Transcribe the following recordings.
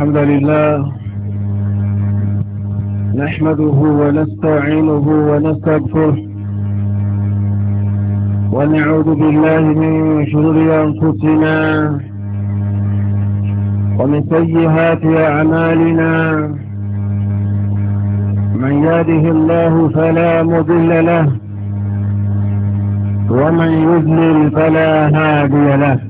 الحمد لله نحمده ونستعينه ونستغفره ونعوذ بالله من شرور أنفسنا ومن سيئات أعمالنا من يهده الله فلا مضل له ومن يذلل فلا هادي له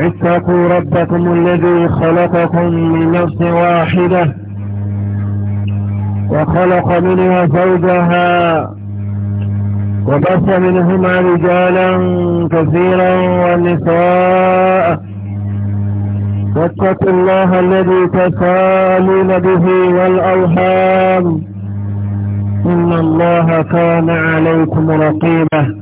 اتقوا ربكم الذي خلقكم من نفس واحدة وخلق منها زوجها وبث منهما رجالا كثيرا ونساء واتقوا الله الذي تسالون به والأوهام إن الله كان عليكم رقيبا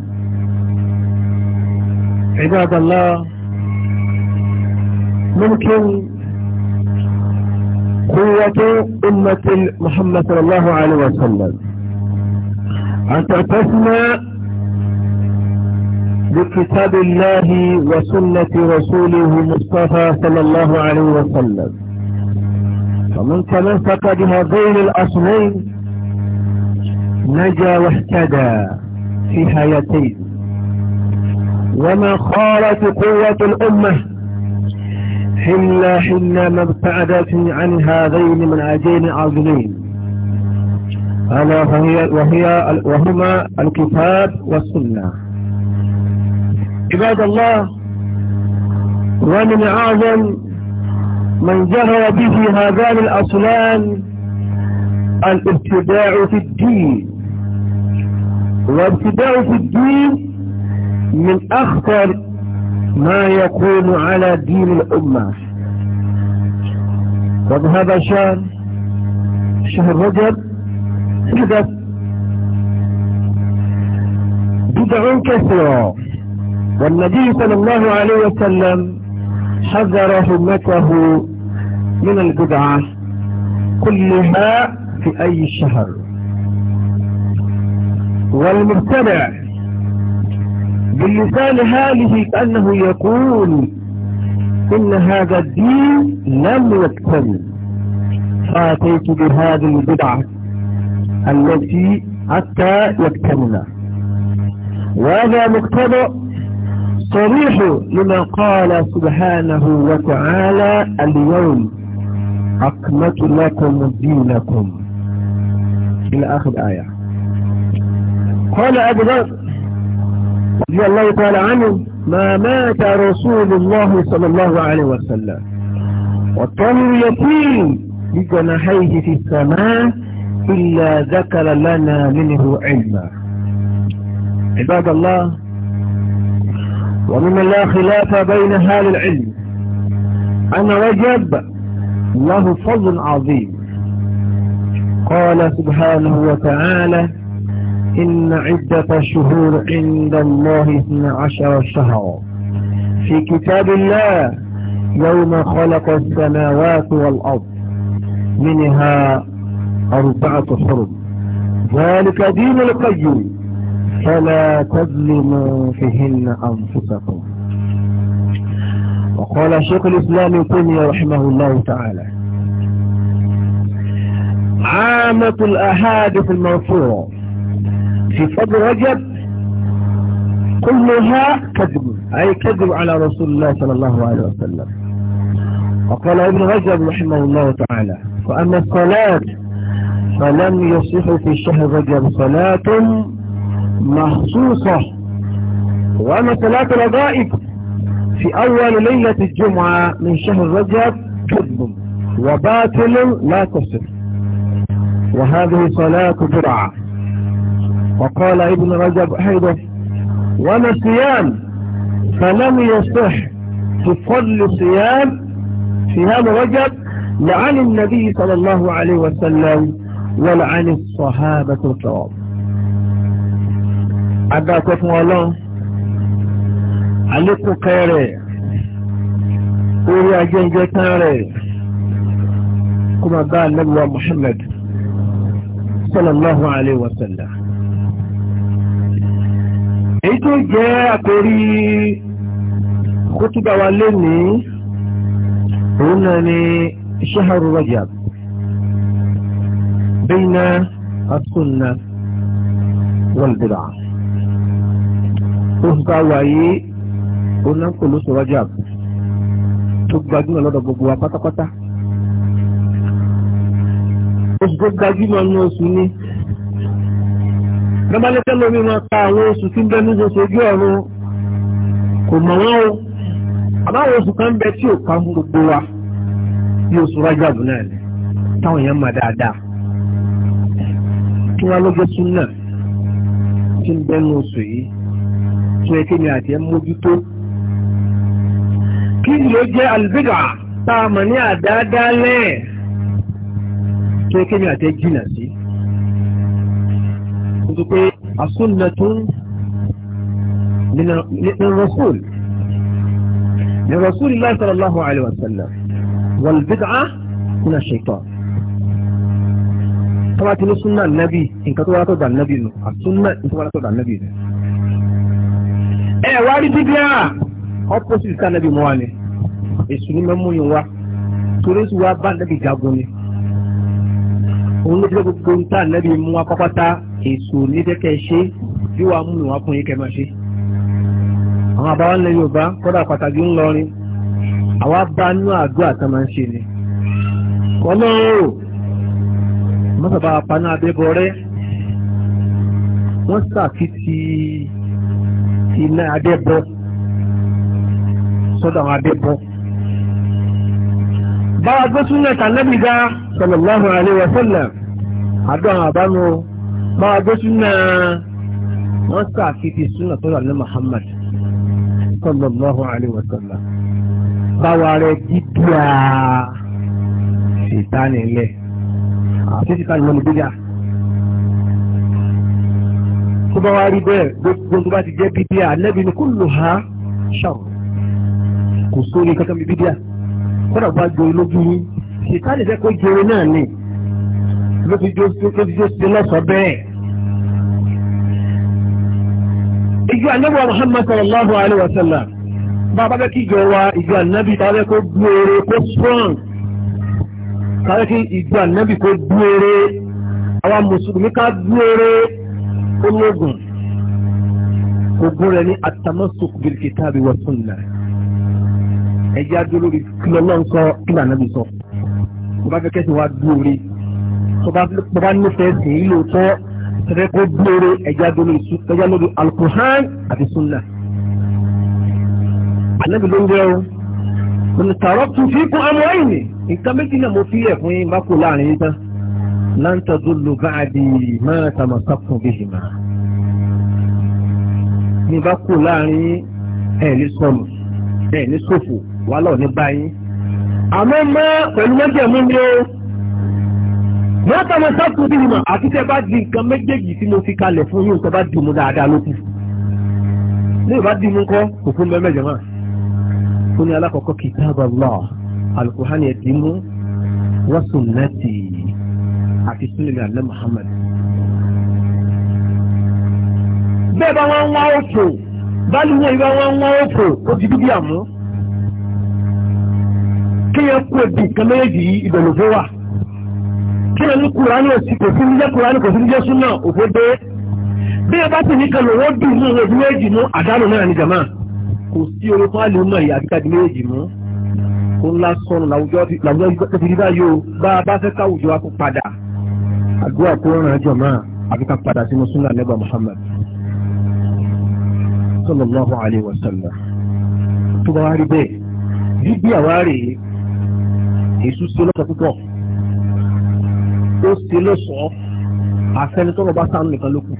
عباد الله ممكن قوة أمة محمد صلى الله عليه وسلم أن تعتصم بكتاب الله وسنة رسوله المصطفى صلى الله عليه وسلم فمن تمسك بهذين الأصلين نجا واهتدى في حياتين وما خالت قوة الأمة إلا حملا ما ابتعدت عن هذين من أجين عظيمين ألا وهي, وهي وهما الكتاب والسنة عباد الله ومن أعظم من جهر به هذان الأصلان الابتداع في الدين وابتداع في الدين من أخطر ما يكون على دين الأمة طب هذا شهر شهر رجب حدث بدع كثيرة والنبي صلى الله عليه وسلم حذر همته من البدعة كلها في أي شهر والمبتدع باللسان حاله كأنه يقول إن هذا الدين لم يكتمل فأتيت بهذه البدعة التي حتى يكتمل وهذا مقتضى صريح لما قال سبحانه وتعالى اليوم أكملت لكم دينكم إلى آخر آية قال أبو ذر رضي الله تعالى عنه ما مات رسول الله صلى الله عليه وسلم والطمر يطير بجناحيه في السماء إلا ذكر لنا منه علما عباد الله ومن لا خلاف بين هال العلم أن وجب له فضل عظيم قال سبحانه وتعالى إن عدة الشهور عند الله اثنى عشر شهر في كتاب الله يوم خلق السماوات والأرض منها أربعة حرم ذلك دين القيوم فلا تظلموا فيهن أنفسكم وقال شيخ الإسلام تيمية رحمه الله تعالى عامة الأحاديث المنصورة في فضل رجب كلها كذب أي كذب على رسول الله صلى الله عليه وسلم وقال ابن رجب رحمه الله تعالى فأما الصلاة فلم يصح في شهر رجب صلاة مخصوصة وأما صلاة الرغائب في أول ليلة الجمعة من شهر رجب كذب وباطل لا تصح وهذه صلاة برعة وقال ابن رجب أيضا وما صيام فلم يصح تفضل صيام صيام رجب لعن النبي صلى الله عليه وسلم ولعن الصحابة الكرام كفو الله عليكم خير قولي أجنجة جتاري كما قال نبي محمد صلى الله عليه وسلم èyí tó jẹ́ àkórí kútúbà wa lónìí òun náà ni ṣaharu rajab bayna asunna wal bid'a oṣù tá a wà yìí òun náà kò rajab tó gbajúmọ̀ lọ́dọ̀ gbogbo wa pátápátá oṣù tó gbajúmọ̀ ní oṣù ni. lọ́bálẹ́kẹ́ lómi máa ka àwọn oṣù tí ń bẹ ní oṣù ojú ọ̀run kò mọ̀ wọ́n o àbáwọn oṣù kan bẹ tí ò pa mú gbogbo wa bí oṣù rájà bù náà ni táwọn èèyàn máa dáadáa kí wọ́n lọ́jọ́ tún náà tí ń bẹ ní oṣù yìí tí wọ́n kéde àti ẹ̀ mójútó kí ni ó jẹ́ àlùbídà tá a mọ̀ ní àdáadáa lẹ́ẹ̀ tí wọ́n kéde àti ẹ̀ tuntun pé asúnà tó ń rasul ní rasul ilá sallallahu alayhi wa sallam wal bid'ah min ash-shaytan tọ́wá ti ní súnà nábì nǹkan tó wá tó dà nábì nù àsúnà nǹkan tó wá tó dà nábì nù. ẹ wá rí bíbíà opposite ká nábì mọ́ wa ni èsù ní mẹ́mú yín wá torí wa bá nábì jagun ni òun ló jẹ́ gbogbo nǹkan nábì mú wa pápátá èso nídẹ́kẹ́ ṣe yóò wá múlò wá fún yín kẹ́ máa ṣe. àwọn àbáwá ńlẹ̀ Yorùbá kọ́dà pàtàkì ńlọrin àwa bá nú àdúrà tán máa ń ṣe ni. ọlọ́run mọ́sàbá paná abẹ́bọrẹ́ wọ́n ṣàfitì iná adẹ́bọ sọ́dọ̀ àwọn adẹ́bọ. báwa gbé súnlẹ̀ tàn lẹ́bìí dá sallallahu alaihi wa sallam àdó àwọn àbánu o máa gbé súnà wọ́n sàkíti súnà tó wà ní Muhammad sallallahu alaihi wa sallam báwa rẹ̀ dídúrà ṣètánilẹ̀ àti ṣètánilẹ̀ lọ́mọ gbéjà tó bá wá rí bẹ́ẹ̀ gbogbo tó bá ti jẹ́ bídíà lẹ́bi ni kulluha ṣàw kò sóri kankan bí bídíà kọ́dà bá jọ ilójú yín ṣètánilẹ̀ kó jẹrẹ náà ni ló fi jó sí lọ́sọ̀ọ́ bẹ́ẹ̀. ìjọ ànábì Muhammad sallallahu alayhi wa sallam bá a bá fẹ́ kí ìjọ wa ìjọ ànábì tá a fẹ́ kó gbére kó strong tá a fẹ́ kí ìjọ ànábì kó gbére àwa mùsùlùmí ká gbére kó lóògùn ogun rẹ̀ ní atamasuk bil kitabi wa sunna ẹ̀jẹ̀ adúlórí kí lọ́lọ́ ń kí lànà bí sọ bó bá fẹ́ kẹ́sì wá gbére tó bá nífẹ̀ẹ́ sí ilé ọ̀tọ́ tẹ́kọ̀ gbére ẹja lórí ẹja lórí alukuhan àti sunna. ànábì ló ń jẹ́ o òní tààrọ́ tún fi kún amọ̀ ẹ̀yìn ni nǹkan méjì náà mo fi yẹ̀ fún yín bá kó láàrin yín tán láǹtọ́jú ló bá a di máa tàmà sáfún bí ìmọ̀. ní bá kó láàrin ẹ̀ ní sọnù ẹ̀ ní sòfò wàhálà ò ní báyìí. àmọ́ mọ́ pẹ̀lú mọ́jẹ̀mú ni ó mọ́tà mo sáàpù bí ìmọ̀ àti tẹ́ bá di nǹkan méjèèjì tí mo fi kalẹ̀ fún yóò tẹ́ bá di mu dáadáa lókù ní ìbá di mu kọ́ kò fún mẹ́mẹ́ jẹ̀mọ́ fún ní alákọ̀ọ́kọ́ kitab Allah alukuhani ẹ̀ dì mú wa sunnati àti sunnati alẹ́ Muhammad. bẹ́ẹ̀ bá wọn wá òfò báyìí wọn ìbá wọn wá òfò ó ti dúdú àmú kéèyàn kú ẹ̀dùn kan méjèèjì yìí tí wọn ní kùránì òsì kò sí níjẹ́ kùránì kò sí níjẹ́ súnà òfò dé bí ẹ bá ti ní kan lọ́wọ́ dùn ní ojú méjì mú àdánù náà ní jàmá kò sí orí fáàlì mọ̀ ìyá àbíkà di méjì mú kó ńlá sọnù làwùjọ tó fi dídá yóò bá a bá fẹ́ káwùjọ wa kó padà àdúrà kó ràn án jàmá àbíkà padà sínú súnà lẹ́bà Muhammad sallallahu alayhi wa sallam tó bá wá rí bẹ́ẹ̀ gbígbé àwárí èsù sí ọlọ́sọ̀ ó sì ló sọ àfẹni tó bá sánú nìkan ló kù.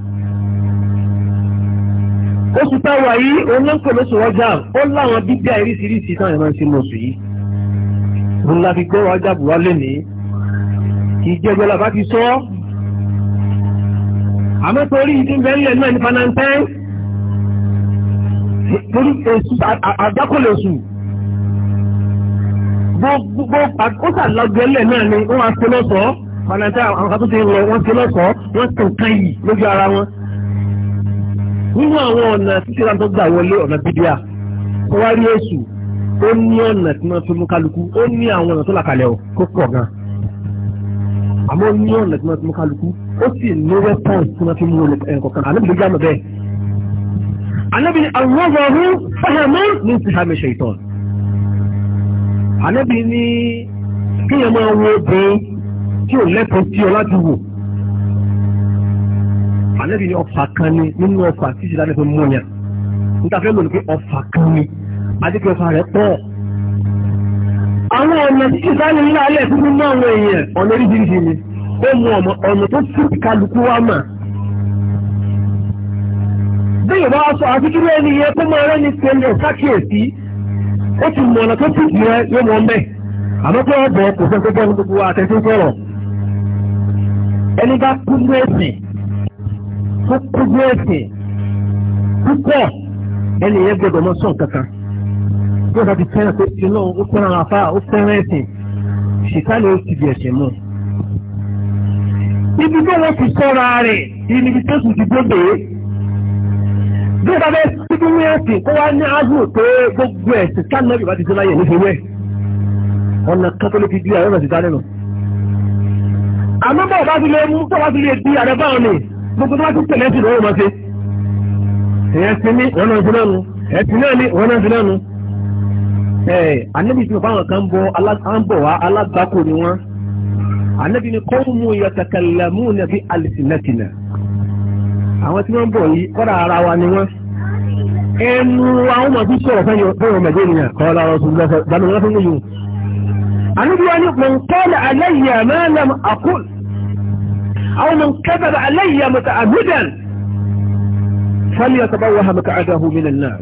oṣù táwa yìí òun ló ń pè lóṣù ọjà ó láwọn bíbí àìríṣiríṣi táwọn ẹ̀rọ ń ṣe lóṣù yìí. òun la fi gbọ́rọ̀ ọjà bùwá lónìí kì í jẹ́ ọjọ́ làbá ti sọ ọ́. àmọ́ torí ìdí bẹ́ẹ̀lẹ̀ náà ní fanantẹ́ torí èsù àdákọ̀lẹ̀ oṣù gbogbo àkóṣà lọ́gẹ́lẹ̀ náà ni wọ́n á ṣe lọ́sọ̀ọ́ ọ̀nà tí àwọn kan tó ti lọ wọ́n ti lọ́sọ̀ọ́ wọ́n tó kán yìí lójú ara wọn. nínú àwọn ọ̀nà títí ra tó gbà wọlé ọ̀nà bídíà tó wá rí èṣù ó ní ọ̀nà tí wọ́n fi mú kálukú ó ní àwọn ọ̀nà tó là kalẹ̀ ọ̀ tó pọ̀ gan. àmọ́ ó ní ọ̀nà tí wọ́n fi mú kálukú ó sì ní wẹ́pọ̀n tí wọ́n fi mú ẹnìkọ̀kan àlẹ́ bìí jáàmù bẹ́ẹ̀. àlẹ́ bìí àwọn ọ̀rọ̀ fẹ́hẹ̀mọ́ ní ti hàmì tí o lẹ́tọ̀ọ́ sí ọ láti wò àlẹ́bí ni ọfà kan ni nínú ọfà tí ìṣẹ̀dá lẹ́tọ̀ọ́ mú yẹn níta fẹ́ lò ní pé ọfà kan ni adékè ọfà rẹ̀ pọ̀ àwọn ọ̀nà tí ìṣẹ̀dá ní ilé alẹ́ fún mímú àwọn èèyàn ọ̀nà oríṣiríṣi ni ó mú ọ̀nà tó fún kálukú wa mà bẹ́ẹ̀ bá sọ àfikún ẹni yẹn kó máa rẹ́ni pẹ̀lú ọ̀sákìyèsí ó ti mọ̀ ọ̀nà tó fún ìrẹ́ yóò mọ̀ ọ́ mẹ́ àmọ́ pé ọ̀bọ̀ kò fẹ́ gbogbo gbogbo àtẹ̀sí sọ̀rọ̀ ẹni bá kúndú ẹ̀sìn tó kúndú ẹ̀sìn púpọ̀ ẹni yẹn gbọdọ̀ lọ sọ̀n kankan yóò bá ti fẹ́ràn pé iná ó fẹ́ràn afá ó fẹ́ràn ẹ̀sìn ṣìkálẹ̀ ó ti di ẹ̀sìn mú. ibi tó wọ́n ti sọ́ra rẹ̀ ibi tó sì ti dóde bí ọba bẹ́ẹ̀ síbi ní ẹ̀sìn kó wá ní ájú pé gbogbo ẹ̀sìn ká náà yóò bá ti dé láyè nífi ọ̀nà kátólíkì bí àwọn ọ̀nà ti dá nínú àmọ́ bọ̀ bá ti lè mú tó bá ti lè di àrẹ báwọn ni gbogbo tó bá ti tẹ̀lé jùlọ yóò máa ṣe. ẹ̀yẹ ti ní wọn náà ti náà nu ẹ̀yẹ ti náà ní wọn náà ti náà nu. ànábì tí mo fáwọn kan bọ aláǹbọ̀ wá alágbákò ni wọ́n. ànábì ni kọ́ọ̀mù yàtàkàlàmù nàbí alìsìnàtìnà. àwọn tí wọ́n bọ̀ yìí kọ́ra ara wa ni wọ́n. ẹnu àwọn ọmọ tí sọ̀rọ̀ fẹ́yọ̀ mẹ̀jẹ̀ kọ́ra ọ̀sùn lọ́sọ̀ àníbi wa ni mọ̀nkọ́lẹ̀ alẹ́ yẹ̀ mẹ́lẹ̀m àkúl أو من كذب علي متعمدا فليتبوه مقعده من النار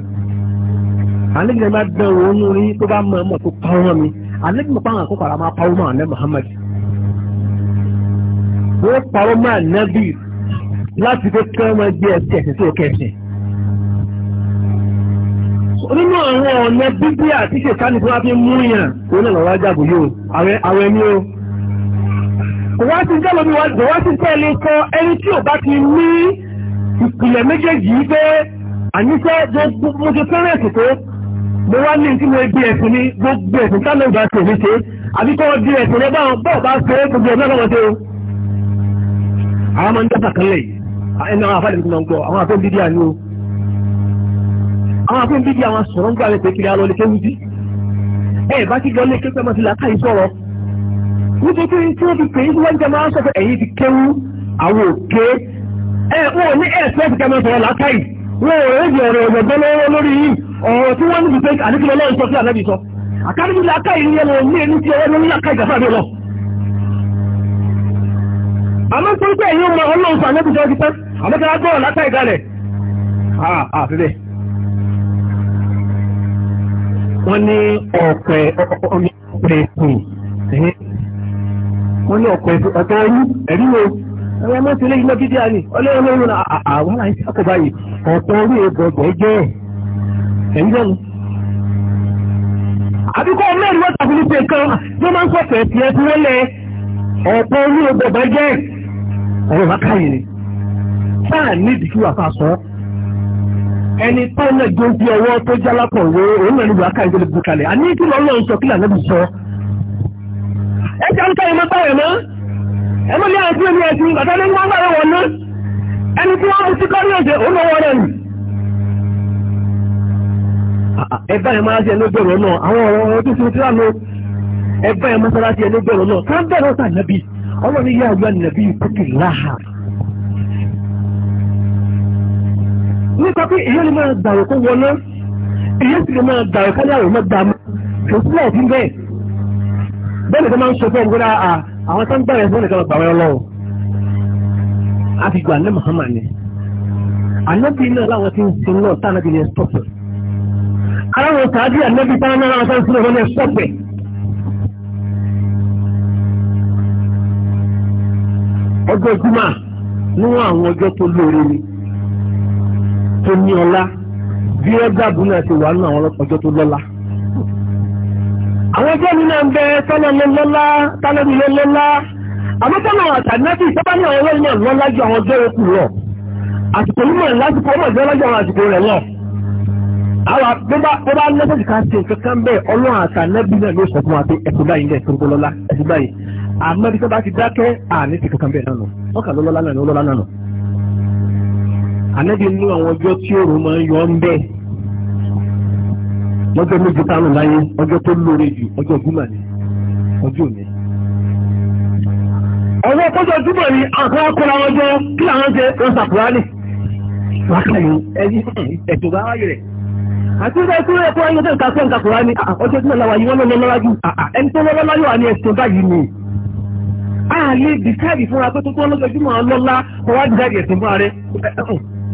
àlejò máa dán òun orí tó bá mọ ọmọ tó pa ọmọ mi àlejò mọ̀ pàwọn àkókò àmà pa ọmọ àná Muhammad wọ́n pa ọmọ ànábì láti fi kí ọmọ ẹgbẹ́ ẹsẹ̀ ẹ̀sìn tó kẹsìn. nínú àwọn ọ̀nà bíbí àti ṣètánì tí fi mú yàn òun náà lọ́wọ́ jágò yóò àwọn ẹni o wá sí jẹ́lómi wá jọ wá sí tẹ́lẹ̀ kọ ẹni tí ò bá ti ní ìpìlẹ̀ méjèèjì pé àníṣẹ́ mo ṣe fẹ́rẹ̀ ẹ̀sìn tó mo wá ní tí mo di ẹ̀sìn ní gbogbo ẹ̀sìn tálẹ̀ ìgbà tó mi ṣe àbí kọ́ di ẹ̀sìn rẹ̀ báwọn bọ́ọ̀ bá ṣe gbogbo ẹ̀mí ọlọ́wọ́ ṣe o. àwọn máa ń dẹ́sà kan lẹ̀ yìí ẹni àwọn àfáàlẹ̀ tó máa ń gbọ́ àwọn àfẹ́ bídí àní o àwọn àfẹ́ bídí àwọn sọ̀rọ̀ ń gbà rẹ̀ pé kiri alọ́ lè kéwú sí ẹ̀ bá kí lọ́lé kéwú nítorí pé tí wọ́n fi pè é wọ́n jẹ́ máa ń sọ pé ẹ̀yin ti kéwú àwọn òkè ẹ̀ wọ́n ò ní ẹ̀sẹ̀ ti kẹ́mọ́ sọ̀rọ̀ látàyè wọ́n ò rẹ́ di ọ̀rọ̀ ọ̀gbọ̀n lọ́wọ́ lórí yìí ọ̀rọ̀ tí wọ́n ní fi pé àdékìlọ́ lọ́wọ́ sọ sí àlẹ́bí sọ àkàdékì látàyè ni ẹ̀rọ ní ẹni tí ọwọ́ ní látàyè gàfà mi lọ. àmọ́ pé pé ẹ̀yin ọmọ ọlọ́run sọ àlẹ́bí sọ ti pẹ́ àmọ́kẹ́lá gbọ́rọ̀ látàyè galẹ̀ àfẹ́fẹ́ wọ́n ní ọ̀pẹ̀ ọ̀pẹ̀ ọ̀pẹ̀ onye ní ọ̀pọ̀ ọ̀tọ̀ orí ẹ̀rí o ẹ̀rọ ọmọ ìṣẹ̀lẹ̀ iná gidi àní ọlọ́run lọ́run àwọn àìsí àkọ́bá yìí ọ̀tọ̀ orí ẹ̀bọ̀gbọ̀ jẹ́ ẹ̀rí lọ́nu. àbíkọ́ mẹ́rin wọ́n tàbí nípe kan tó máa ń sọ̀tẹ̀ tiẹ̀ ẹjọ́ ń káyọ̀ mọ́ta rẹ̀ mọ́ ẹmọ́ ní àti omi ẹ̀sìn bàtà ní wọ́n gbàrẹ̀ wọn ná ẹni tí wọ́n mú sí kọ́rí ọ̀sẹ̀ ó lọ́wọ́ rẹ̀ nì. ẹgbẹ́ yẹn máa ṣe ẹni bẹ̀rù náà àwọn ọ̀rọ̀ ọ̀rọ̀ tó ṣe tí wà lọ ẹgbẹ́ yẹn máa láhà nípa pé èyí lè máa dàrú kó wọná èyí sì lè máa dàrú káyàwó mọ́ dàmú kò sí láì bẹ́ẹ̀ bẹ́ẹ̀ nìkan máa ń sọ fún àwọn tó ń gbà yẹn fún nìkan lọ́wọ́ a fi gbà ní mahama ni ànábì náà láwọn ti ń sin náà tá ànábì yẹn stọ́pẹ̀ aláwọ̀ sàájú ànábì tá ànábì náà sáà ń sin náà wọ́n ọjọ́ jùmọ̀ níwọ̀n àwọn ọjọ́ tó lóore ni tó ní ọlá bí ti wà nínú àwọn ọjọ́ àwọn ẹgbẹ́ mi náà ń bẹ tọ́lọ́lọ́lá tálẹ́bílọ́lọ́lá àmọ́tọ́nà àtàdínátì sábàní àwọn ẹgbẹ́ náà lọ́lá ju àwọn ọjọ́ òkú lọ àsìkò yìí mọ̀ lásìkò ọmọ ìjọba ju àwọn àsìkò rẹ̀ lọ. àwa bó bá lọ́sọ̀tì ká ṣe kankan bẹ́ẹ̀ ọlọ́run àtàdínátì náà ló sọ fún wa pé ẹ̀sùn báyìí ní ẹ̀sùn lọ́lá ẹ̀sùn báyìí àmọ́ bí ti dákẹ́ àní ti kankan bẹ́ẹ̀ nánu ọkà lọ́lọ́lá náà lọ́lọ́lá nánu. ànábì nínú ọjọ́ méjì tánù láyé ọjọ́ tó lóore jù ọjọ́ júmọ̀ ni ọjọ́ òní. ọwọ́ kọjọ júmọ̀ ni àwọn akọ́ra ọjọ́ kí àwọn jẹ wọn sàkúrálì. wákàyè ẹyin ẹ̀tọ́ bá wáyé rẹ̀. àti ìgbà ìkúrò ẹ̀kọ́ ayé ọjọ́ ìkàkọ́ ìkàkùrá ni ọjọ́ júmọ̀ làwà yìí wọ́n lọ́nà lọ́lájú ẹni tó lọ́lá yóò wà ní ẹ̀sìn báyìí ni. a lè dìsáàdì fúnra pé tó tó lọ́jọ́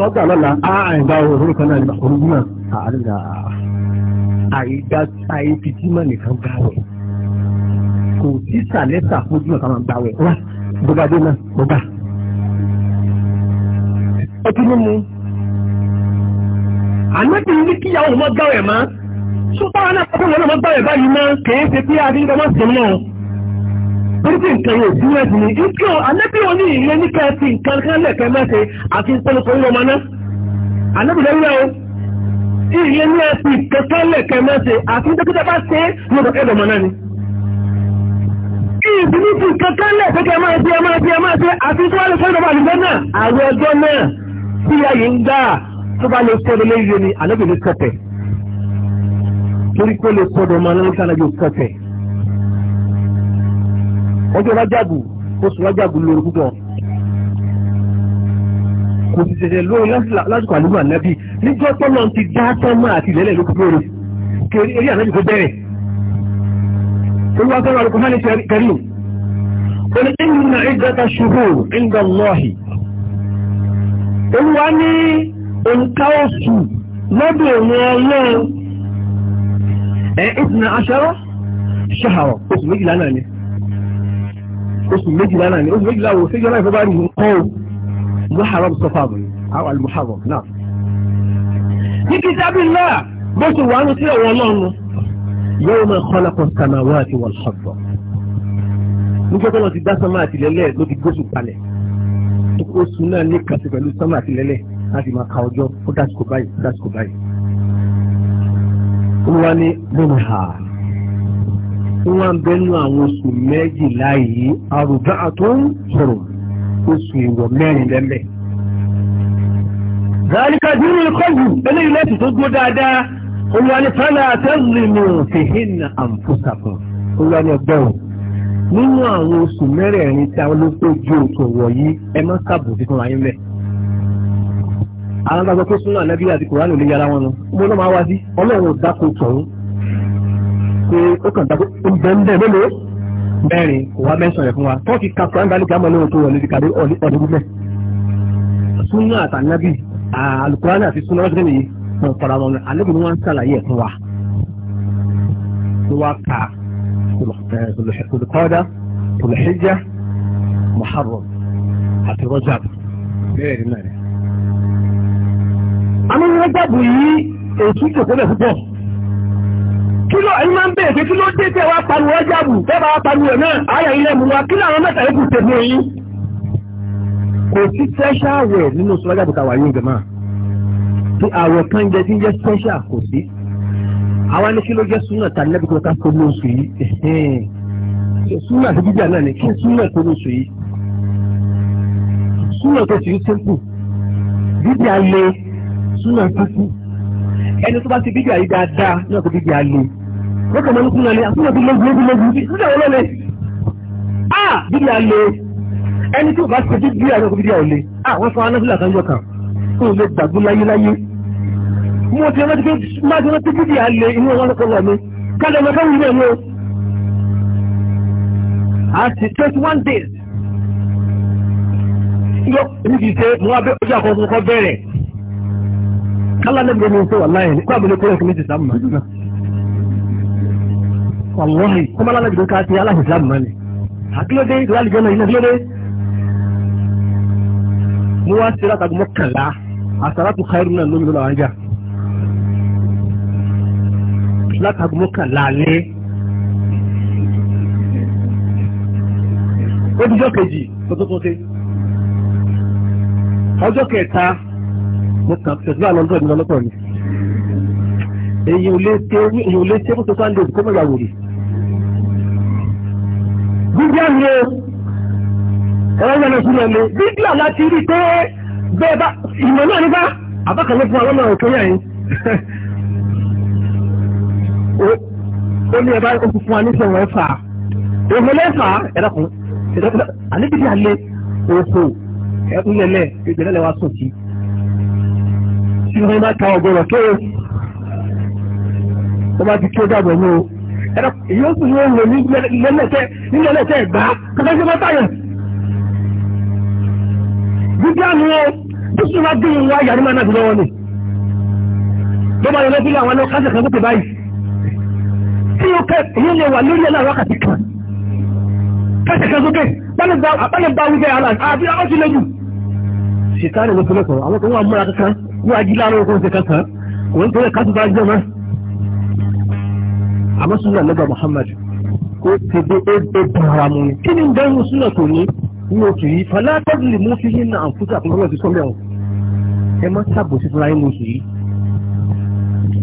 sọ́gbà lọ́la àìgbà òhun kan náà òhun náà àríga àìfitímọ̀ nìkan gbà wẹ̀ kò sí sàlẹ́sà fojú náà kan gbà wẹ̀ wá bọ́bá dé náà bọ́bá. ọtí mímu ànábì ní kíyàwó ọmọ gbà wẹ̀ mọ́ sọ́gbà náà kọ́kọ́ wọn náà gbà wẹ̀ báyìí mọ́ kèé ṣe bí adé ń gbọ́ mọ́ sí náà. Bíríkì nǹkan yóò sí rẹ̀ ní ìkẹ́ ànábì wọn ní ìyẹn ní kẹ́ẹ̀tì nǹkan kan lẹ́ẹ̀kẹ́ mẹ́sẹ̀ àti pẹ́lúkọ yóò mọ náà. Ànábì lórí rẹ̀ o. Ìyẹn ní ẹ̀sìn kankan lẹ́ẹ̀kẹ́ mẹ́sẹ̀ àti dókítà bá ṣe yóò ẹ̀dọ̀ mọ náà ni. Ìbílíkì kankan lẹ́ẹ̀kẹ́ máa ṣe máa ṣe máa ṣe àti tó bá lè fẹ́ràn àlùfẹ́ náà. Àwọn ọjọ́ náà tí ayé ń gbà tó bá lè sọ́dọ̀ lé ọjọ́ rájàgù oṣù rájàgù lóru púpọ̀ kò sì ṣẹ̀ṣẹ̀ lórí lásìkò àlùmọ ànábì níjọ́ tọlọ ti dá sọmọ àti ìlẹlẹ lókun lóru kiri eré ànábì kò bẹ̀rẹ̀ olùwàsọ àlùkò hàn ní kẹrin onídẹ́yìn náà ìgbàta ṣubú ìgbà lọ́ọ̀hì olùwà ní òǹkà oṣù lọ́dọ̀ òun ọlọ́run ẹ̀ ìsìn àṣàrọ̀ oṣù méjìlá náà ni oṣù méjìlá náà ni oṣù méjìlá wo ṣéjọ́ náà ìfọ́bárì ń kọ́ o muharram sọfà mi àwọn almuharram náà. ní kìtàbí náà bó ṣe wà ní sílẹ̀ wọn náà nu yóò máa kọ́ lápọ̀ sàmáwá àti wọ́n ṣọ̀tọ̀. nígbà tó wọn ti dá sánmà àtìlẹ́lẹ̀ ló ti gbóṣù kalẹ̀ oṣù náà ní kàṣẹ pẹ̀lú sánmà àtìlẹ́lẹ̀ láti máa ka ọjọ́ fún dásìkò báyìí dásìkò báyìí. olúwa ní mọ́nà nwa mbe ń bẹ́nu àwọn oṣù la yìí àrùbá tó ń sọ̀rọ̀ oṣù ìwọ̀ mẹ́rin lẹ́mẹ̀. Zàríkà dín ní kọ́jù eléyìí láti tó gbó dáadáa olùwàlífàlà àtẹ́rìnmù fìhìn àǹfọ̀sàkùn olùwàlí ọgbẹ́ ò nínú àwọn oṣù mẹ́rẹ̀ẹ̀rin tí àwọn olókojú òtò wọ̀nyí ẹ má ṣàbòsí fún ayé mẹ́. àwọn gbàgbọ́ pé súnà nàbí àti kùránì lè yára wọn lọ mo lọ́ máa wá sí ọlọ́run ò dákun tọ̀hún pé ó kàn dákú ìbẹ̀ ń bẹ̀ mélòó mẹ́rin kò wá mẹ́sàn-án rẹ̀ fún wa tó fi ka kọ́ ńgbà nígbà mọ́lẹ́ òtò wọlé ìkàdé ọ̀dẹ́ gbígbẹ́. súnà àtànábì alukurani àti súnà ọ̀sẹ̀ nìyí wọn fara wọn alẹ́bí ni wọ́n ń sàlàyé ẹ̀ fún wa. wọ́n ka olùkọ́dá olùhẹ́jà muharram àti rọ́jàb bẹ́ẹ̀ ni náà. àmọ́ rọ́jàb yìí ètò ìjòkó lẹ̀ púpọ̀ kí ló ẹni máa ń bèèrè pé kí ló dé tẹ́ wá pariwo ọjàbù tẹ́bà wá pariwo ẹ̀ náà ayẹ̀ ilẹ̀ mú wa kí láwọn mẹ́ta ikú tèmi yín kò sí special rẹ̀ nínú sọ́jàbù tàwà yóò jẹ̀ máa tí àwọ̀ kan jẹ́ tí ń jẹ́ special kò sí àwọn ní kí ló jẹ́ súnà tà nẹ́bí kó ká kó ní oṣù yìí súnà tó jíjà náà ni kí súnà tó ní oṣù yìí súnà tó sì ń simple jíjà le súnà tó kú ẹni tó bá ti bíjà yìí dáadáa náà kó bíjà le wọ́n kàn máa ń kúnlẹ̀ ní àkúnlẹ̀ tó lóògùn lóògùn lóògùn sí ìdílé ọlọ́lẹ̀ ah bíbí àlè ẹni tí ò bá ṣe bí bí àwọn òbí àlè ah wọ́n fọ anáfíà kan yọ kan kó o lè gbàgbó láyé láyé mo ti rántí pé máa ti rántí bíbí àlè inú ọ̀rọ̀ lọ́kọ̀ọ́ mi kálẹ̀ ọmọ káwé ilé mi o àti twenty one days yọ èmi kì í ṣe mo wá bẹ ọjọ́ àkọ́kọ́ bẹ̀rẹ̀ kálá lẹ́gbẹ̀ẹ́ mi ń sọ wà láyé nípa àbúlé kúrẹ́ kí mi ti sá mọ́ wàlọ́ọ̀lì kó má lálẹ́ jùlọ ká ti aláṣẹ ìsìlámù mọ́ ni àkílódé ìlàlì jọ́nà yìí náà kílódé. mo wá sí látago mọ́kànlá àsàlátù káírù náà lómi lọ́la wájà látago mọ́kànlá lé. ó dijọ́ kejì tó tó tó ṣe ọjọ́ kẹta mo kàn tẹ̀síwá lọ́dọ̀ mi lọ́lọ́pọ̀ mi èyí ò lè ṣe èyí ò tó sáńdé kó mọ̀ ìyàwó rẹ̀ gbígbá ni o ẹ̀rọ yẹn lọ sí lọ lé gbígbá láti rí pé bẹ́ẹ̀ bá ìmọ̀ náà nípa àbákanlẹ̀ fún ọlọ́mọ òkè yẹn yìí ó ní ẹ̀bá oṣù fún wa ní sọ̀rọ̀ ẹ̀fà òhun lẹ́fà ẹ̀dàkùn àníbìdí alẹ́ òfò ẹ̀kúnlẹ̀lẹ̀ ìgbẹ̀lẹ̀lẹ̀ wa sùn sí tí wọ́n bá ta ọgọ́rọ̀ kéwòn ó bá ti kí ó dàbọ̀ ní o ẹ̀rọ èyí ó sì ní òun ní lẹ́lẹ́sẹ̀ ní lẹ́lẹ́sẹ̀ ẹ̀gbá kọ́kọ́ sí mọ́tà yẹn. Bíbí àmì o, bí sùn bá gbìyànjú wá yàrá máa nàbí lọ́wọ́ ni. Bọ́bá yẹn lọ́sí àwọn ọlọ́ káṣẹ̀ kan lókè báyìí. Tí o kẹ́ èyí lè wà lórí ẹ̀lá wákàtí kan. Káṣẹ̀ kan sókè, bálẹ̀ bá wíjẹ́ àlà àbí ọ̀sìn lẹ́jù. Ṣètá ni mo fi lọ́sọ̀rọ̀, àwọn kan wà múra kankan, wọ́n ajílá lọ́wọ́ kan ṣe kankan, kò ń tẹ́lẹ̀ káṣù bá jẹ́ náà àmọ́ súnà lọ́gbà Muhammad ó ti dé ó bára mu ni kí ni ń dẹ́rù súnà tó ní ní oṣù yìí falábẹ́ẹ̀lì lè mú fíhìn náà àǹfùsà àkùnrin ti sọ́mẹ̀ ọ̀ ẹ má sábòsí fúnra yín ní oṣù yìí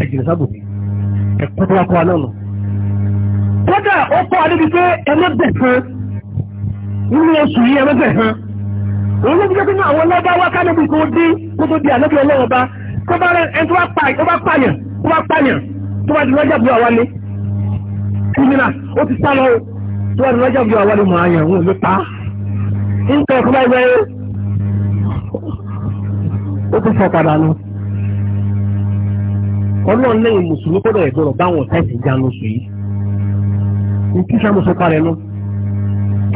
ẹ jìnà sábòsí ẹ pẹ́ẹ́tẹ́ wá kọ́ wa náà nù. kódà ó kọ́ adébi pé ẹ má bẹ̀ fún nínú oṣù yìí ẹ má bẹ̀ fún òun ló ti jẹ́ pé àwọn ọlọ́ba wá kánẹ́bù kó dé kó tó di àlọ́bí ọlọ́run ọba tó bá rẹ ẹni tó bá pààyàn tó bá pààyàn tó bá di lọ́jà bí wà wálé criminal ó ti sá lọ o tí wọ́n ti lọ́jọ́ bí àwọn ọmọ àyàn òun ló pa á nígbà ẹ̀kọ́ bá gbẹ́ ó ti sọ padà nù ọlọ́run lẹ́yìn mùsùlùmí gbọ́dọ̀ ẹ̀gbọ́dọ̀ báwọn ọ̀tá ìsìn já lóṣù yìí ní kí sáà mo sọ parẹ́ nù.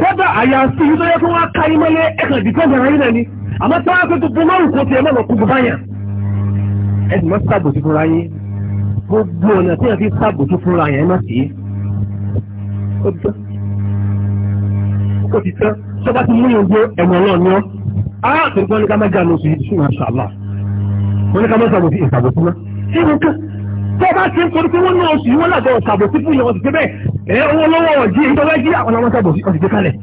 kódà àyàfi yìí tó yẹ kí wọ́n á ka yín mọ́lé ẹ̀kan ìdíkọ́jà ayé náà ni àmọ́ tí wọ́n á fi tuntun mọ́rùn kó tiẹ̀ mọ́lọ̀ kú báyà ẹ̀sìn mọ́ sábòtú fúnra yín gbogbo ọ̀nà tí wọ́n fi sábòtú fúnra yẹn má sí i ó ti tán ó ti tán sọba ti mú yòókù ẹ̀wọ̀n náà ni ọ́ á tó gbọ́n ní ká má jà lóṣù yìí sùn àṣà àlá wọ́n ní ká má sàbòsí ìsàbòsí náà ṣé wọ́n kàn tó bá ti ń kọ́ pé wọ́n náà sì wọ́n làbọ̀ ṣàbòsí fún yẹn wọ́n ti ṣe bẹ́ẹ̀ ẹ̀ owó lọ́wọ́ ọ̀jì ìjọba jí àwọn ọmọ ṣàbòsí ọ̀sì gbé kalẹ̀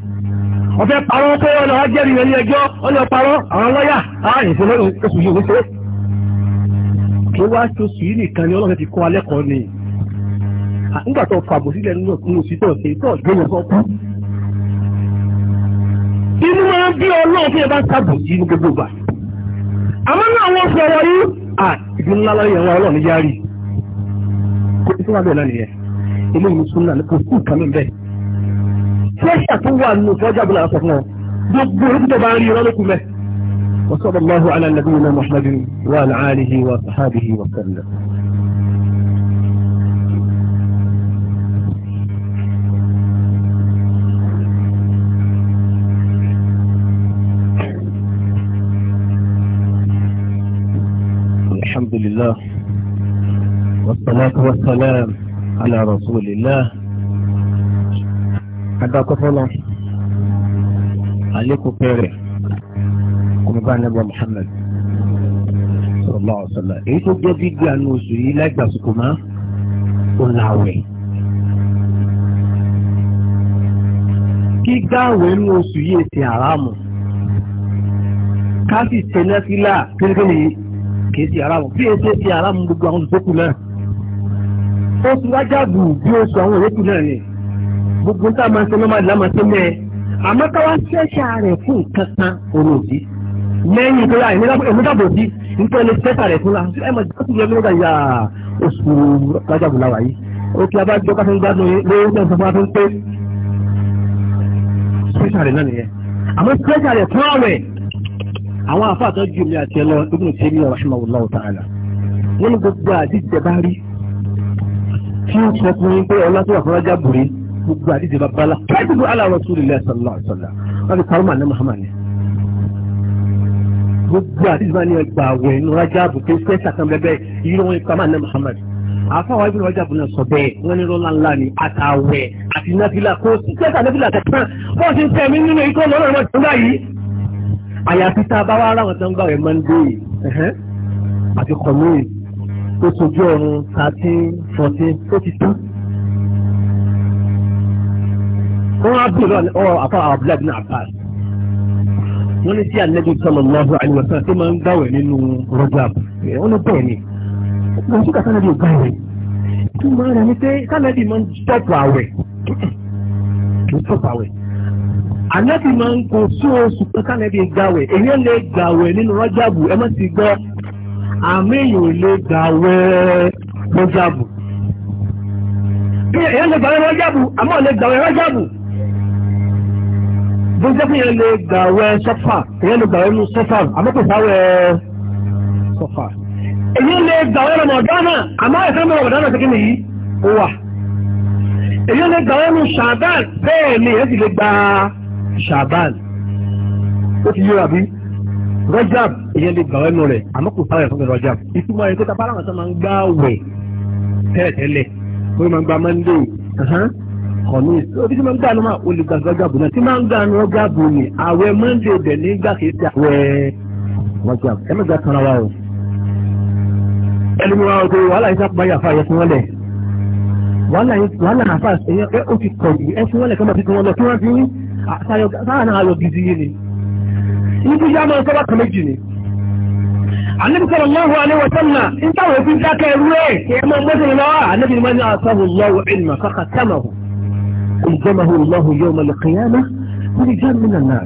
ọ̀fẹ́ parọ́ pé ọ̀nà ajẹ́rìí rẹ̀ ní ẹjọ́ ọ̀nà parọ́ àwọn lọ́yà àárín fún oṣù yìí oṣù kí wá tó sùn yìí nìkan ni ọlọ́fẹ́ ti kọ́ alẹ́ kan ni nígbà tó fà bò sílẹ̀ nínú òsì tó ṣe tó gbẹ̀yìn sọ́kù. inú máa ń bí ọlọ́run fún ẹ bá ní gbogbo ìgbà. àmọ́ náà wọ́n yìí à ńlá lọ́yẹ̀ ọlọ́run ní kò sí wàá bẹ̀rẹ̀ náà nìyẹn ilé ìlú súnmọ́ kò sí mi bẹ́ẹ̀. fẹ́ṣà tó wà nínú sọ fún gbogbo الحمد لله والصلاة والسلام على رسول الله هذا كفلا عليكم بيري كمبان نبو محمد صلى الله عليه وسلم ايتو جديد عن موسوي لا يجاسكما ونعوي gbígbàwé ní oṣù yìí ti àrámù ká sì tẹ́lẹ́fílà kéré kìí ṣe aráàmù bí o ṣe ṣe aráàmù gbogbo àwọn olùsókù náà ó ti wá jáàbù bí o sọ àwọn òyòkù náà ni gbogbo tá a máa ń ṣe lọ́mọdé lámà tó mẹ́ ẹ àmọ́ káwá ṣẹ́ṣà rẹ̀ fún nǹkan kan òun òbí lẹ́yìn tó yà èmi dàbò sí nítorí ẹni ṣẹ́ṣà rẹ̀ fún la ẹ mọ̀ jẹ́ kí ló yà oṣù rájàbù láwà yìí ó ti abájọ́ ká tó ń gbádùn lórí náà sọ fún wa tó ń pé ṣẹ́ṣà rẹ̀ náà nìyẹn àmọ́ ṣẹ́ṣà rẹ̀ fún àwọn àfáà tó ju mi àti ẹ lọ ibùdó tí mi ọ̀rọ̀ ṣe máa wò lọ́wọ́ tààlà wọ́n ní gbogbo àdìsí bá rí tí ó sọ fún yín pé ọlá tó wà fún rájà bùrẹ́ gbogbo àdìsí bá bá la káyọ̀ gbogbo ala Rasulillah sallallahu alaihi wasallam láti kárùmà ní Muhammad gbogbo àdìsí bá ní ẹgbà àwẹ̀ inú rájà bùkẹ́ sẹ́sà kan bẹ́ẹ̀ yìí ló ń kárùmà ní Muhammad àfáwà ibùdó rájà bùrẹ́ sọ bẹ́ẹ̀ wọ́n ní lọ́la ńlá ni àtàwẹ̀ àti nàfìlà kò sí sẹ́sà nàfìlà kẹta bọ́ọ̀ ti tẹ̀ mí nínú ikọ́ lọ́rọ̀ àyàfi tá a bá wá ráwọn tó ń gbàwẹ̀ monday àti kọ̀míì tó sojú ọ̀run thirteen fourteen tó ti tán. wọ́n á bí ìlọ́ọ̀ ọ̀ àfa abdullah bin abbas wọ́n ní sí àlejò sallallahu alaihi wasallam tó máa ń gbàwẹ̀ nínú rọ́jàb wọ́n ní bẹ́ẹ̀ ni wọ́n sì kàtà lẹ́bi ògbàwẹ̀ tó máa rẹ̀ ní pé kálẹ́bì máa ń tọ́pù àwẹ̀ kì í tọ́pù àwẹ̀. ànábì máa ń kó sí kankan ẹbí gbàwẹ̀ èyí lè gbàwẹ̀ nínú rọ́jàbù ẹ má ti gbọ́ àmì èyàn lè gbàwẹ̀ rọ́jàbù. èyí lè gbàwẹ̀ rọ́jàbù àmọ́ lè gbàwẹ̀ rọ́jàbù. bó jẹ́ lè gbàwẹ̀ sọ́fà èyí lè gbàwẹ̀ nínú sọ́fà àmọ́ kò sáwẹ̀ sọ́fà. èyí lè gbàwẹ̀ àmọ́ ẹ̀fẹ́ mi nìyí wà. èyí lè gbàwẹ̀ nínú ṣàdán ṣàbán ó ti yíra bí rọ́jàb ìyẹn lè gbàwẹ́ nù rẹ̀ àmọ́ kò sáré fún mi rọ́jàb ìtumọ̀ ẹ̀ kóta bára àtọ́ máa ń gbá wẹ̀ tẹ́lẹ̀tẹ́lẹ̀ ó máa ń gba mọ́ndé kọ̀ọ̀nù ó ti máa ń gbà lọ́mọ olùgbà rọ́jàb náà tí máa ń gbà rọ́jàb ni àwẹ̀ mọ́ndé bẹ̀ nígbà kìí ti àwẹ̀ rọ́jàb ẹ mẹ́ta tọ́ra wa o ẹni wọn ọdọ wàhálà yìí sábà yà fà yẹ fún wọn wàhálà yìí wàhálà àfà ẹ ó ti kọ̀ ẹ fún wọn lẹ kí fi wọn lọ kí wọn fi sáà ah, náà ayọ̀ gidi yìí ni ibi yá máa sọ́bà kan méjì ni Ànábì sallallahu alaihi wa sallam ń táwọn òfin dákẹ́ ẹrú ẹ̀ ẹ̀ máa gbọ́dọ̀ lọ́wọ́ Ànábì ni wọ́n ní àtàwọn lọ́wọ́ ilma fakhatamahu ìjọmahu lọ́wọ́ yawm al-qiyamah wọ́n ìjà mi nà náà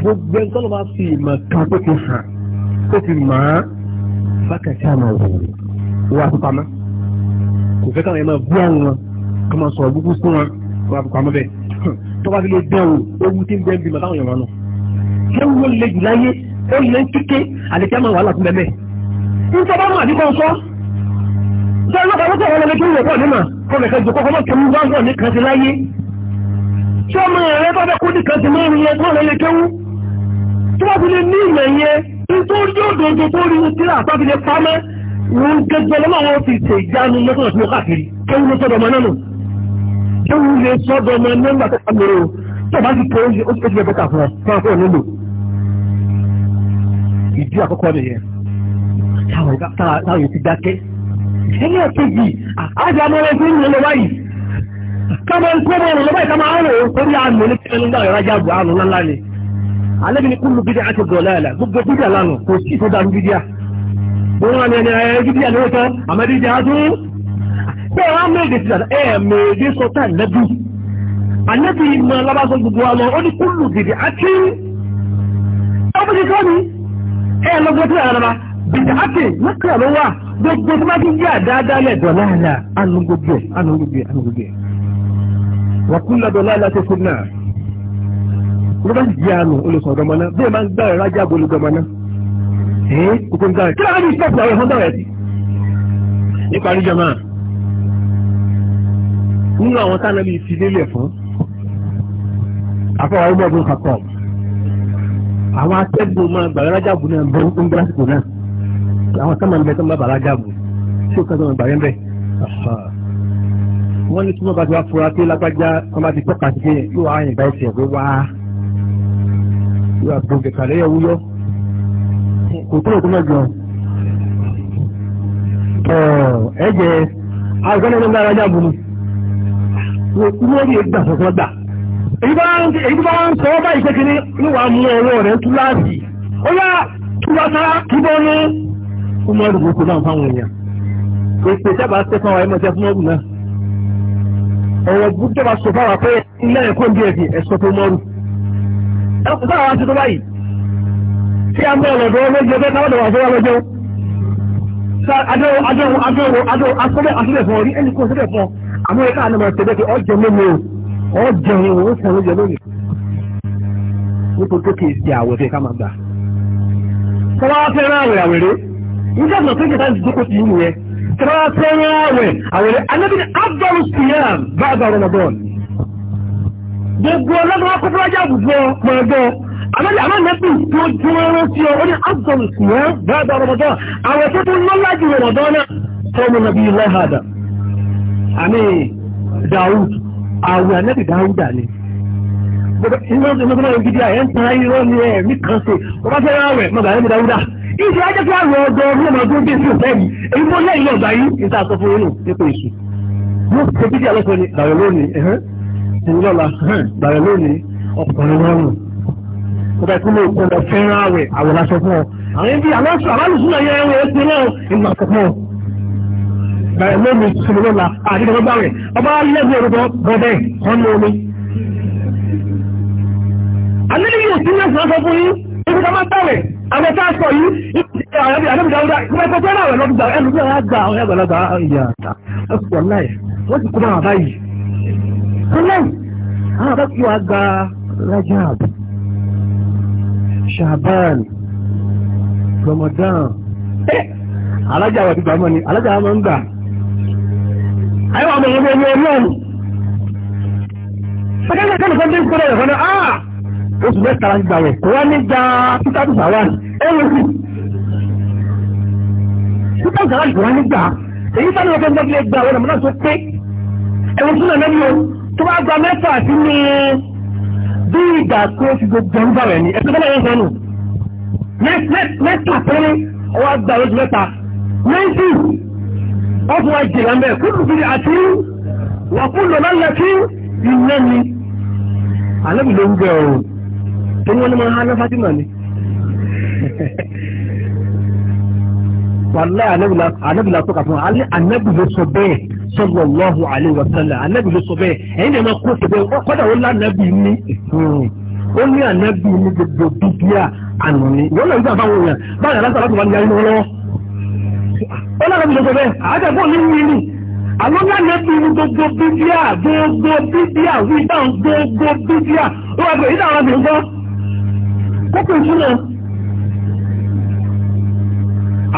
gbogbo ẹni tọ́lọ́ bá fi ìmọ̀ kan tó ti hàn tó ti mọ̀ án fakhatamahu wọ́n á fi tó bá fi lè tí ń bẹ́ẹ̀ bímọ táwọn èèyàn náà léwu ló le jù láyé ó lè kíké àlejò àmọ́ wàhálà tún bẹ́ẹ̀ ń sọ bá mọ̀ àbí kan sọ sọ ẹ lọ́kọ̀ lọ́kọ̀ wọn lọ́lẹ́ kí wọ́n pọ̀ nímọ̀ kọ́ lẹ́kẹ́ jù kọ́kọ́ mọ́kẹ́ mú wáńgọ̀ ní kan ti láyé tí ọmọ rẹ bá bẹ́ kó ní kan ti máa ń yẹ kọ́ lọ́lẹ́ kéwú tí wọ́n fi lè ní ìmọ̀ yẹn nítorí òdòdó tó rí ní tíra àtàbílẹ̀ pamẹ́ wọn gẹ́gẹ́ lọ́wọ́ fi ṣèjánu lọ́sọ̀rọ̀ sí wọn lè sọ́dọ̀ ọmọ nọ́mbà tó kàn lérò tó bá ti pé ó ti bẹ̀ bẹ́tà fún ọ fún ọkọ nílò. ìdí àkọ́kọ́ nìyẹn táwọn yìí ti dákẹ́. ẹni ọ̀kejì àti amọ̀rẹ́ tó ń lọ báyìí káwọn ń kó mọ̀ ọ̀rọ̀ báyìí káwọn àrùn torí àmì oníkẹ́lẹ́ńgbà ìrajà àbò àrùn ńlá ni. alẹ́bi ni kúlù bídíà àti dọ̀lẹ́ẹ̀lẹ̀ gbogbo bídíà lánàá kò sí ìfọdà bídíà. bó wọn ni ẹni ẹ bẹ́ẹ̀ wá méje ti dàda ẹ̀ méje sọ́tà nẹ́bí ànẹ́bí ìmọ̀ alábàṣọ gbogbo wa lọ ó ní kúlù dìde àti ọmọdé ni ẹ̀ lọ́gbọ́n tí a rà bìtà àti mẹ́kà ló wà gbogbo tí wọ́n ti yí àdáadáa lẹ̀ dọ̀lá àlà anugbogbo anugbogbo anugbogbo wàkúlà dọ̀lá àlà tó fún nínú àwọn tánàbí ti lélẹ̀ fún afọwọ́ ẹgbẹ́ ọdún kakọ́ àwọn atẹ́gùn máa gbàgbẹ́lájà bù náà bọ́ ń bẹ́ lásìkò náà àwọn sábà ń bẹ tó ń bá bàlájà bù tí ó kàn sọ̀rọ̀ gbàgbẹ́ bẹ́ẹ̀ wọ́n ní kí wọ́n bá ti wá fura pé lágbájá wọ́n bá ti tọ́ka sí pé yóò wá àyìnbá ẹsẹ̀ pé wá yóò wá gbòǹgè kàlẹ́ yẹ wúyọ́ kò tó òkú mẹ́jọ. ẹ̀jẹ̀ àwọn ìgbọ́n náà ń bá ara ni lórí ìgbà sọ̀tọ̀ gbà èyí bá ń sọ ọ́ báyìí kékeré níwà mú ọwọ́ rẹ̀ túláàsì ó yá túláàsà túbọ̀ ní ọmọ ìdìbò kò náà fáwọn èèyàn èpè sábà ṣe fún àwọn ẹmọ ṣe fún ọdún náà ọ̀rọ̀ bújọba sọ fún àwọn pé ilé ẹ̀kọ́ ń bí ẹ̀sìn ẹ̀sọ́ tó mọ́rù ẹ̀kọ́ sáà wá sí tó báyìí tí a mọ̀ ọ̀rọ̀ lọ́wọ́ lójú ọjọ́ táwọn ọ̀dọ̀ wà lọ́jọ́ adéwọ̀ adéwọ̀ adéwọ̀ asọ́lẹ̀ fún ọ amẹ́ríkà náà máa tẹ̀lé pé ọjọ́ mẹ́lẹ̀ o ọjọ́ yẹn wọ́n sàn lójọ lónìí nítorí tó kì í ṣe àwẹ̀ fẹ́ ká máa gbà. tọ́lá wá fẹ́ràn àwẹ̀ àwẹ̀rẹ́ nígbà tó kéjì tá ìdókò tì í nìyẹn tọ́lá wá fẹ́ràn àwẹ̀ àwẹ̀rẹ́ anábìrì abdul siyam bá àgbà ramadan. gbogbo ọlọ́dún wa kókó wájà àbùgbọ́ pọ̀ọ́dọ́ àmọ́lẹ̀ àmọ́ nẹ́bí tó dúró rántí ọ ó ní abdul siyam bá àgbà ramadan àwẹ̀ tó tún lọ́lá ju ramadan náà tọ́mù nàbí lọ́hàdà àmì Dawud àwẹ̀ anẹ́bì Dawuda ni iná tó mọ́tò náà gidi àyẹ̀ ń tan irọ́ ní ẹ̀ ní kan ṣe wọ́n bá fẹ́ràn àwẹ̀ mọ̀gbà anẹ́bì Dawuda ìdí ajẹ́ kí àwẹ̀ ọdọ ọdún ọmọ tó dé sí òfẹ́ yìí èyí tó lẹ́yìn ọ̀gbà yìí ní ta sọ fún inú nípa èṣù mo ṣe bídí alẹ́ sọ ni bàrẹ̀ lónìí ìlọ́la bàrẹ̀ lónìí ọkùnrin lọ́rùn bẹ̀rẹ̀ lómi sinmi lọ́la àdínkù gbà rẹ̀ ọba lẹ́bi orúkọ bọ̀dẹ̀ wọn ní omi. àlejò yóò sí mẹ́sàn án fún yín ibi ká máa bẹ̀rẹ̀ àwọn tá a sọ yìí ìdíje àwọn ẹbí àdébìdá ọ̀dà ìgbẹ́kọ̀ tó náà rẹ̀ lọ́dún gbà ẹnu tó yà gbà àwọn ẹgbẹ̀lọ́gbà ìyá ọ̀sùn ọ̀láì wọ́n ti kú bá bàbá yìí. ọlọ́run àwọn bá kí wàá gba Rajab Shaban Ramadan alájà wà ti gbà mọ́ ni alájà máa ń gbà àyẹ̀wò àwọn èèyàn bẹ́ẹ̀ ní ọlọ́run pẹ̀lú ẹ̀kọ́ ní kọ́ńtẹ́ ìkọ́lẹ̀ ẹ̀kọ́ náà oṣù mẹ́ta ń gbà rẹ̀ kò wá ní gba peter busawan ẹ̀wọ̀sì peter busawan kò wá ní gbà èyí sáré wọn kẹ́ńtẹ́ ìlẹ̀ gbà wọn náà tó pé ẹ̀wọ̀sì náà lẹ́nu o tó bá gba mẹ́fà sí ní bí ìgbà tó fi gbogbo ń gbà rẹ̀ ni ẹ̀sìn tọ́lá yẹn sọ ọkùn wa jìnà mẹ́ kúrò bí àti wàkún lọ lálẹ́ kí iná ni alẹ́bù ló ń gbẹ ọ̀rọ̀ tó wọ́n ní máa há náà fátímà ni wàlá alẹ́bù la tọ́ka fún wa alẹ́bù ló sọ bẹ́ẹ̀ sallallahu alaihi wasallam alẹ́bù ló sọ bẹ́ẹ̀ ẹ̀yin ni ẹ máa kó sọ bẹ́ẹ̀ kọ́dà ó lánàbì ní ó ní ànábì ní gbogbo bíbíà àná ni wọ́n lọ náà lọ́gbọ̀ bẹ́ẹ̀ àádẹ́gbọ́ ní wíìlì àwọn lánàbí ní gbogbo bíbíà gbogbo bíbíà wíìdá gbogbo bíbíà ó wà pé ìdáwọn mi gbọ́ kókò ìṣúná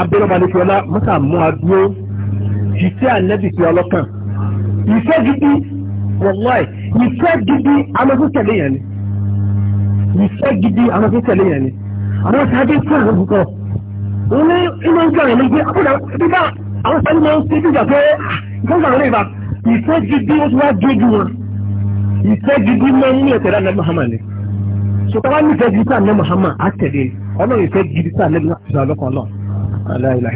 abẹ́rẹ́ balẹ̀kọ́lá mọ́tà mú adúró ìfẹ́ ànẹ́bì sí ọlọ́kàn ìfẹ́ gidi wọ̀láì ìfẹ́ gidi amọ́sítẹ̀lẹ̀ yẹn ni ìfẹ́ gidi amọ́sítẹ̀lẹ̀ yẹn ni àwọn sábẹ́ fún àwọn olùkọ́ òun ní inú ń gbọ́n ìlẹ́gbẹ́ àkúdà bíbá àwọn sáré máa ń ṣe bí ìjà pé gbọ́ngàn rẹ̀ ìbá ìfẹ́ gidi ó ti wá géjú wọn ìfẹ́ gidi máa ń ní ẹ̀tẹ̀ rẹ̀ Muhammad ni ṣùgbọ́n wá nífẹ̀ẹ́ gidi sáà ní Muhammad á tẹ̀lé ọlọ́run ìfẹ́ gidi sáà ní ìṣàlọ́kọ̀ náà لا إله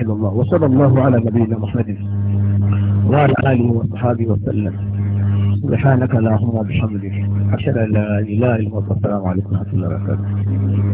إلا سبحانك اللهم وبحمدك أشهد أن لا إله إلا الله السلام عليكم ورحمة الله وبركاته